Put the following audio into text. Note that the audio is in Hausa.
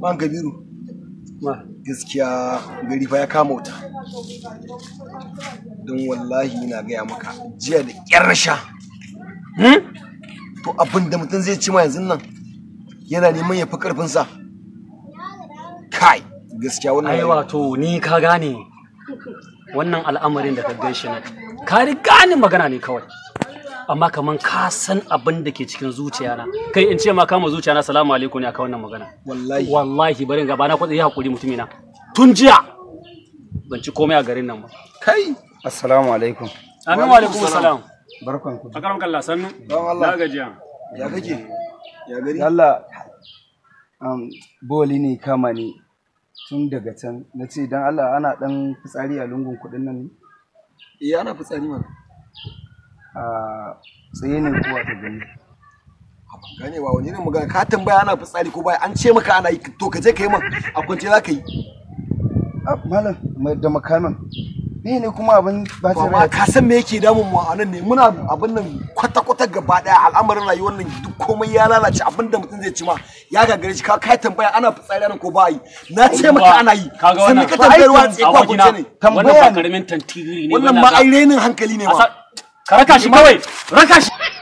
man kabiru gaskiya gari fa ya kama wuta don wallahi na gaya maka jiya da ƙyar sha hmm? to abin da mutum zai ci ma yanzu nan yana neman ya fi ƙarfinsa kai gaskiya wannan ai wato ni ka gane wannan al'amarin da ka gaishe na ka gane magana ne kawai amma kaman ka san abin da ke cikin zuciyana kai in ce ma kama zuciyana salamu alaikum ne aka wannan magana wallahi wallahi barin gaba na yi hakuri mutumina tun jiya ban ci komai a garin nan ba kai assalamu alaikum amin wa alaikum assalam barkan ku akaram kallah sannu don Allah gajiya ya kake ya gari Allah um, boli ne kama ne tun daga can na ce don Allah ana dan fitsari a lungun kuɗin nan ne? Eh ana fitsari mana. tsaye ne kowa ta gani ban gane ba wani ne magana ka tambaya ana fitsari ko baya an ce maka ana yi to ka je ka yi man a kwance za ka yi malam da makamin me ne kuma abin ba ta ba ka san me yake damun mu a nan ne muna abin nan kwata kwata gaba daya al'amarin rayuwar nan duk komai ya lalace abin da mutum zai ci ma ya gagare shi ka kai tambaya ana fitsari ana ko ba yi na ce maka ana yi sannan ka tambayar wa tsaye kwa kunce ne tambaya wannan ba ai renin hankali ne ma Raka shi kawai, raka shi.